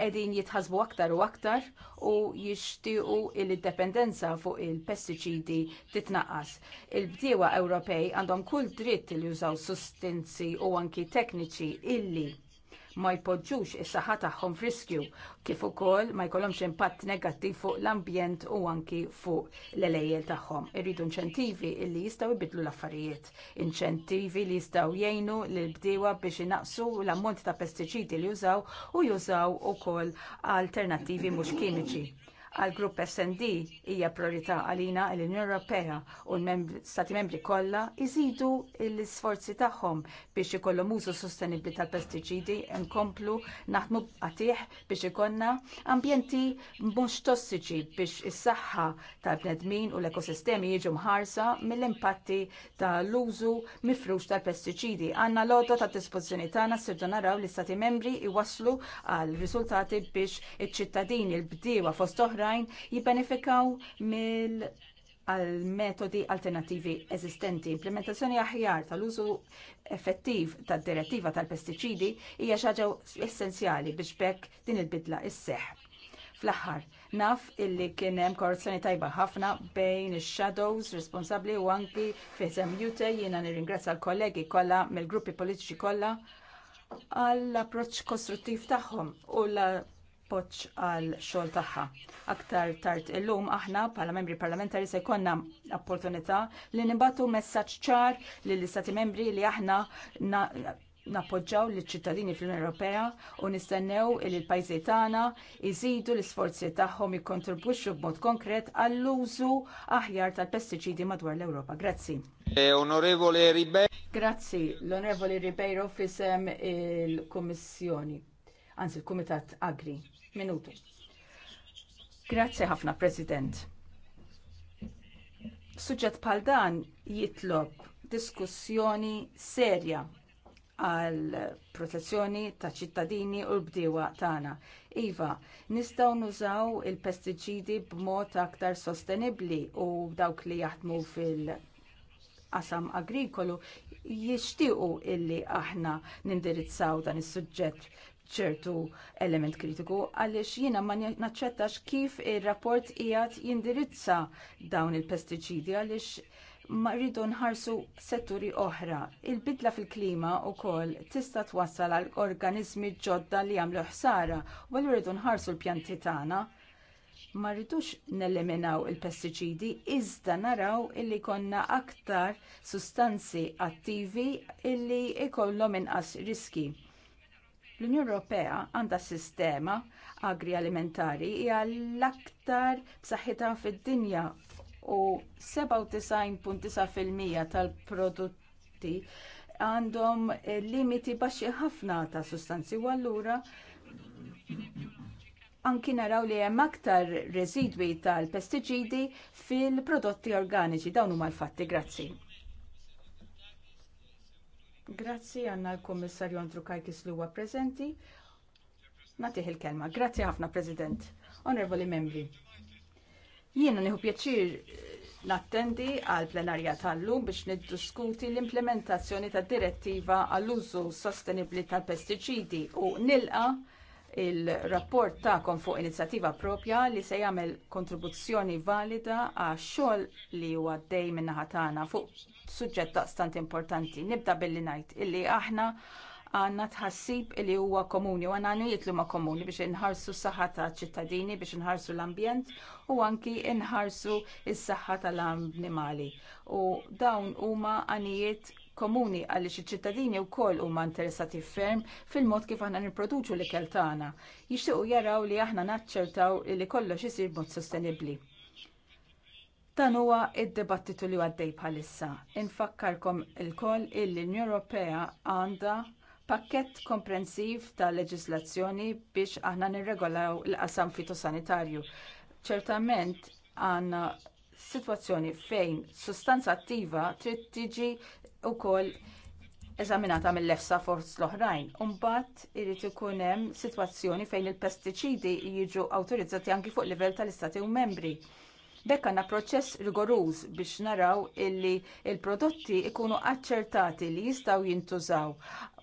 edin jitħasbu aktar u aktar u jixtiequ il dependenza fuq il-pestiċidi titnaqqas. Il-bdiewa Ewropej għandhom kull dritt li jużaw sustanzi u anki tekniċi illi ma jpoġġux is-saħħa tagħhom f'riskju kif ukoll ma jkollhomx impatt negattiv fuq l-ambjent u anki fuq l-elejjel tagħhom. Irridu inċentivi li jistgħu jbidlu l-affarijiet, inċentivi li jistgħu jgħinu lil bdiewa biex inaqsu l-ammont ta' pestiċidi li jużaw u jużaw ukoll alternattivi mhux kimiċi għal grupp SD hija priorità għalina l-Unjoni Ewropea u l-Stati membri kollha jżidu l-isforzi tagħhom biex ikollhom użu sostenibbli tal-pestiċidi nkomplu naħdmu qatih biex ikollna ambjenti mhux tossiċi biex is-saħħa tal-bnedmin u l-ekosistemi jiġu mħarsa mill-impatti tal-użu mifrux tal-pestiċidi. Għandna l-għodda ta' dispożizzjoni tagħna sirdu naraw li stati membri iwasslu għal riżultati biex iċ-ċittadini l-bdiewa fost oħra oħrajn jibbenefikaw mill għal metodi alternattivi eżistenti. Implementazzjoni aħjar tal-użu effettiv tad-direttiva tal-pestiċidi hija xi ħaġa essenzjali biex bekk din il-bidla isseħħ. Fl-aħħar, naf illi kien hemm korruzzjoni tajba ħafna bejn ix-shadows responsabbli u anki fiħsem jute jiena nirringrazzja l-kollegi kollha mill-gruppi politiċi kollha għall approċċ kostruttiv tagħhom u l appoġġ għal xogħol tagħha. Aktar tard illum aħna bħala membri parlamentari se jkollna opportunità li nibatu messaġġ ċar lill istati membri li aħna nappoġġaw li ċittadini fl-Unjoni Ewropea u nistennew li l pajzi tagħna jżidu l-isforzi tagħhom jikkontribwixxu b'mod konkret għall-użu aħjar tal-pestiċidi madwar l-Ewropa. Grazzi. Eh, onorevole Ribeiro. Grazzi, l-Onorevoli Ribeiro fisem il-Kummissjoni, anzi il-Kumitat Agri. Minutu. Grazzi ħafna, President. Suġġett bħal dan jitlob diskussjoni serja għal protezzjoni ta' ċittadini u l-bdiewa tagħna. Iva, nistgħu nużaw il-pestiċidi b'mod aktar sostenibbli u dawk li jaħdmu fil-qasam agrikolu jixtiequ illi aħna nindirizzaw dan is-suġġett ċertu element kritiku għaliex jiena ma naċċettax kif ir-rapport ijat jindirizza dawn il-pestiċidi għaliex ma rridu nħarsu setturi oħra. Il-bidla fil-klima wkoll tista' twassal għal organizmi ġodda li għamlu ħsara u għal rridu nħarsu l-pjanti tagħna. Ma rridux neliminaw il-pestiċidi iżda naraw illi konna aktar sustanzi attivi illi ikollhom inqas riski L-Unjoni Ewropea għandha sistema agri alimentari hija l-aktar b'saħħitha fid-dinja u 97.9% tal-prodotti għandhom limiti baxxi ħafna ta' sustanzi u allura anki naraw li hemm aktar residwi tal-pestiċidi fil-prodotti organiċi dawn huma l-fatti. Grazzi. Grazzi għanna l-Komissarju Andru Kajkis li huwa prezenti. Natih il-kelma. Grazzi ħafna, President. Onorevoli membri. Jiena nieħu pjaċir eh, nattendi għal plenarja tal-lum biex niddiskuti l-implementazzjoni tad direttiva għall-użu sostenibli tal-pestiċidi u nilqa' il-rapport ta'kom fuq inizjattiva propja li se jagħmel kontribuzzjoni valida għax xogħol li huwa dej min naħa tagħna fuq suġġett daqstant importanti. Nibda billi ngħid illi aħna għanna tħassib li huwa komuni u għanna jitlu ma komuni biex inħarsu s-saħħa ta' ċittadini biex inħarsu l-ambjent u anki inħarsu s-saħħa tal-annimali. U dawn huma għanijiet komuni għaliex iċ-ċittadini wkoll huma interessati ferm fil-mod kif aħna nipproduċu l-ikel tagħna. Jixtiequ jaraw li aħna naċċertaw li kollox isir mod sostenibbli. Dan huwa id debattitu li għaddej bħalissa. Infakkarkom il-koll l-Unjoni Ewropea għandha pakkett komprensiv ta' leġislazzjoni biex aħna nirregolaw l-qasam fitosanitarju. Ċertament għandna situazzjoni fejn sustanza attiva trid tiġi wkoll eżaminata mill efsa forz l-oħrajn. Umbat irrit ikun hemm sitwazzjoni fejn il-pestiċidi jiġu awtorizzati anki fuq livell tal-Istati u membri. Bekk għandna proċess rigoruż biex naraw illi il-prodotti ikunu aċċertati li jistgħu jintużaw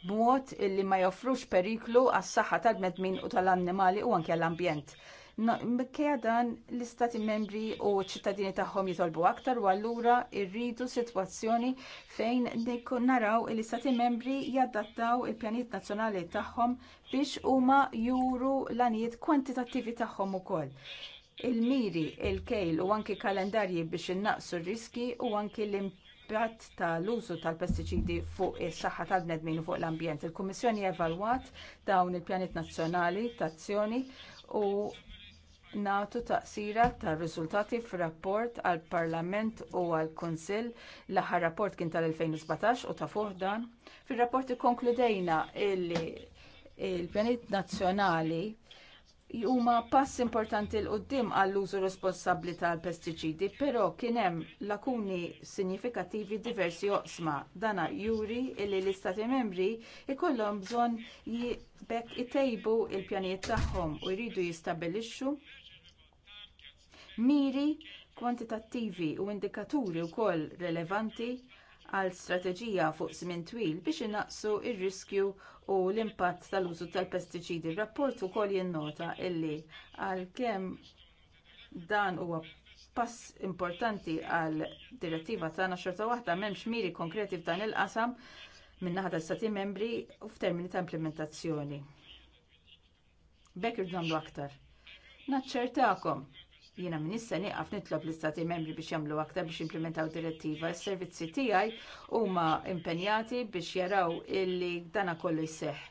b'mod illi ma joffrux periklu għas saħħa tal-medmin u tal-annimali u anke għall-ambjent. Mikkejja dan l-istati membri u ċittadini tagħhom jitolbu aktar u allura rridu sitwazzjoni fejn naraw l-istati membri jadattaw il-pjanijiet nazzjonali tagħhom biex huma juru l-anijiet kwantitattivi tagħhom ukoll il-miri, il-kejl u anki kalendarji biex innaqsu r-riski u anki l-impatt l tal-użu tal-pestiċidi fuq is-saħħa tal-bnedmin u fuq l-ambjent. Il-Kummissjoni evalwat dawn il-pjanit nazzjonali tazzjoni u nagħtu taqsira tar-riżultati fir-rapport għall parlament u għall kunsill l-aħħar rapport kien tal-2017 u ta' fuq dan. Fir-rapport ikkonkludejna li l pjanit nazzjonali huma pass importanti l quddiem għall-użu responsabbli tal-pestiċidi, però kien hemm lakuni sinifikattivi diversi oqsma. Dana juri li l-Istati membri ikollhom bżonn jibek itejbu l pjanijiet tagħhom u jridu jistabilixxu miri kwantitattivi u indikaturi wkoll relevanti għal strateġija fuq żmien twil biex innaqsu r riskju u l-impatt tal-użu tal-pestiċidi. Rapport ukoll jinnota illi għalkemm dan huwa pass importanti għal direttiva tagħna xorta waħda m'hemmx miri konkreti f'dan il-qasam minn naħa tal-Stati membri u f'termini ta' implementazzjoni. Bekk irdu aktar. Naċċertakom Jiena minn issa nieqaf nitlob l-istati membri biex jagħmlu aktar biex implementaw direttiva. Is-servizzi tiegħi huma impenjati biex jaraw illi dana kollu jseħħ.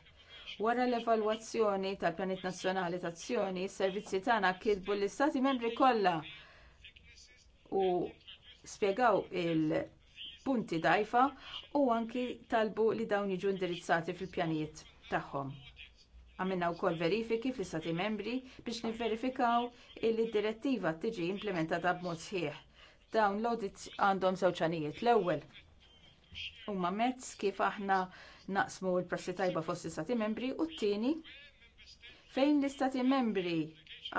Wara l-evalwazzjoni tal-Pjanit Nazzjonali Tazzjoni, s-servizzi tagħna kitbu l-istati membri kollha u spjegaw il-punti dajfa u anki talbu li dawn jiġu indirizzati fil-pjanijiet tagħhom. Għamilna wkoll verifiki fl istati membri biex nivverifikaw li d direttiva tiġi implementata b'mod sħiħ. Dawn l-audits għandhom żewġ L-ewwel huma mezz kif aħna naqsmu l-prassi tajba fost istati membri u t-tieni fejn l-istati membri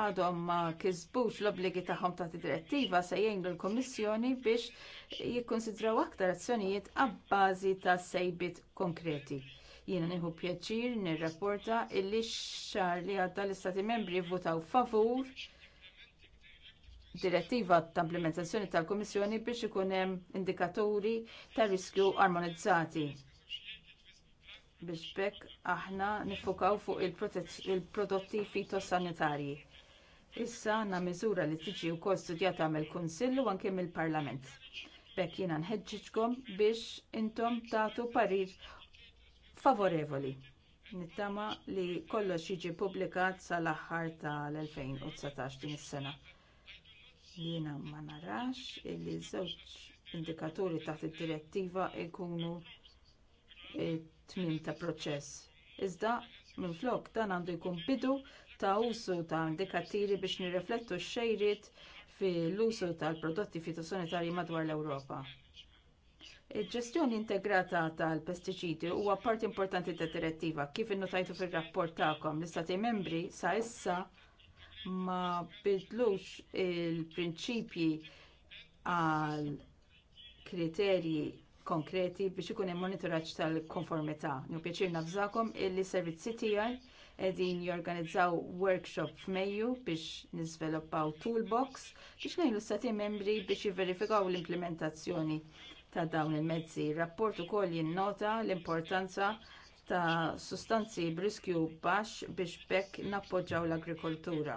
għadhom ma kisbux l obbligi tagħhom ta' direttiva se jgħinlu l-Kummissjoni biex jikkonsidraw aktar azzjonijiet għabbażi ta' sejbiet konkreti. Jiena nieħu pjaċir nirrapporta illi x-xahar li għadda l-Istati membri votaw favur direttiva ta' implementazzjoni tal-Kummissjoni biex ikun hemm indikaturi ta' riskju armonizzati biex bekk aħna nifokaw fuq il-prodotti fitosanitarji. Issa għandna miżura li tiġi wkoll studjata mill kunsill u anke mill-Parlament. Bekk jiena nħeġġiġkom biex intom tagħtu parir favorevoli. Nittama li kollox jiġi publikat sal-aħħar tal-2019 din is-sena. Jiena ma narax li żewġ indikaturi taħt id-direttiva jkunu tmiem ta' proċess. Iżda minflok dan għandu jkun bidu ta' usu ta' indikattivi biex nirriflettu x-xejriet fil-usu tal-prodotti fitosanitarji madwar l-Ewropa. Il-ġestjoni integrata tal-pestiċidi huwa parti importanti tad direttiva kif innotajtu fir-rapport tagħkom l-istati membri sa issa ma bidlux il-prinċipji għal kriterji konkreti biex ikun hemm monitoraġġ tal-konformità. Nju pjaċir nafżakom illi servizzi tiegħi qegħdin jorganizzaw workshop f'Mejju biex niżveloppaw toolbox biex ngħinu l-istati membri biex jiverifikaw l-implementazzjoni ta' dawn il-mezzi. Rapport ukoll jinnota l-importanza ta' sustanzi b'riskju baxx biex bekk nappoġġaw l-agrikoltura.